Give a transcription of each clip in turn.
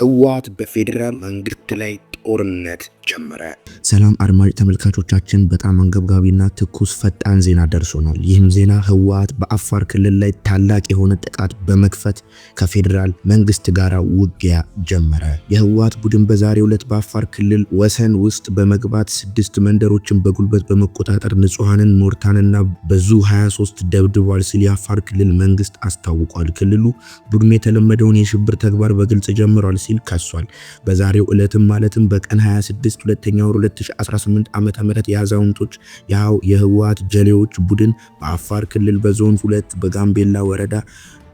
ህወሓት በፌዴራል መንግስት ላይ ጦርነት ጀመረ። ሰላም አድማጭ ተመልካቾቻችን፣ በጣም አንገብጋቢና ትኩስ ፈጣን ዜና ደርሶናል። ይህም ዜና ህወሓት በአፋር ክልል ላይ ታላቅ የሆነ ጥቃት በመክፈት ከፌዴራል መንግስት ጋር ውጊያ ጀመረ። የህወሓት ቡድን በዛሬው ዕለት በአፋር ክልል ወሰን ውስጥ በመግባት ስድስት መንደሮችን በጉልበት በመቆጣጠር ንጹሐንን ሞርታንና በዙ 23 ደብድቧል ሲል የአፋር ክልል መንግስት አስታውቋል። ክልሉ ቡድኑ የተለመደውን የሽብር ተግባር በግልጽ ጀምሯል ሲል ከሷል። በዛሬው ዕለትም ማለትም በቀን 26 ሁለተኛ ወር 2018 ዓ ም የአዛውንቶች ያው የህወሀት ጀሌዎች ቡድን በአፋር ክልል በዞን ሁለት በጋምቤላ ወረዳ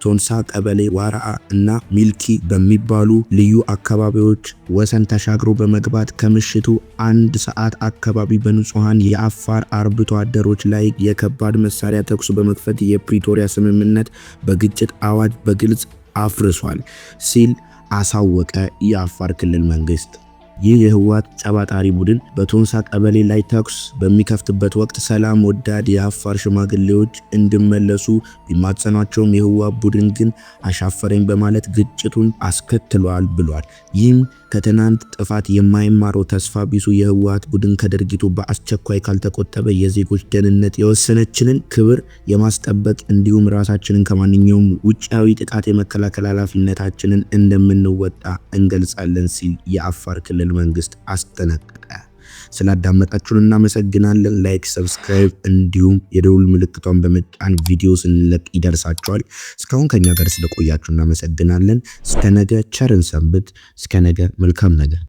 ቶንሳ ቀበሌ ዋራአ እና ሚልኪ በሚባሉ ልዩ አካባቢዎች ወሰን ተሻግሮ በመግባት ከምሽቱ አንድ ሰዓት አካባቢ በንጹሐን የአፋር አርብቶ አደሮች ላይ የከባድ መሳሪያ ተኩስ በመክፈት የፕሪቶሪያ ስምምነት በግጭት አዋጅ በግልጽ አፍርሷል ሲል አሳወቀ የአፋር ክልል መንግስት። ይህ የህወሓት ጨባጣሪ ቡድን በቶንሳ ቀበሌ ላይ ተኩስ በሚከፍትበት ወቅት ሰላም ወዳድ የአፋር ሽማግሌዎች እንዲመለሱ ቢማጸኗቸውም የህወሓት ቡድን ግን አሻፈረኝ በማለት ግጭቱን አስከትሏል ብሏል። ይህም ከትናንት ጥፋት የማይማረው ተስፋ ቢሱ የህወሓት ቡድን ከድርጊቱ በአስቸኳይ ካልተቆጠበ የዜጎች ደህንነት የወሰነችንን ክብር የማስጠበቅ እንዲሁም ራሳችንን ከማንኛውም ውጫዊ ጥቃት የመከላከል ኃላፊነታችንን እንደምንወጣ እንገልጻለን ሲል የአፋር ክልል ክልል መንግስት አስጠነቀቀ። ስላዳመጣችሁን እናመሰግናለን። ላይክ፣ ሰብስክራይብ እንዲሁም የደውል ምልክቷን በመጫን ቪዲዮ ስንለቅ ይደርሳችኋል። እስካሁን ከኛ ጋር ስለቆያችሁ እናመሰግናለን። እስከ ነገ ቸርን ሰንብት። እስከ ነገ መልካም ነገር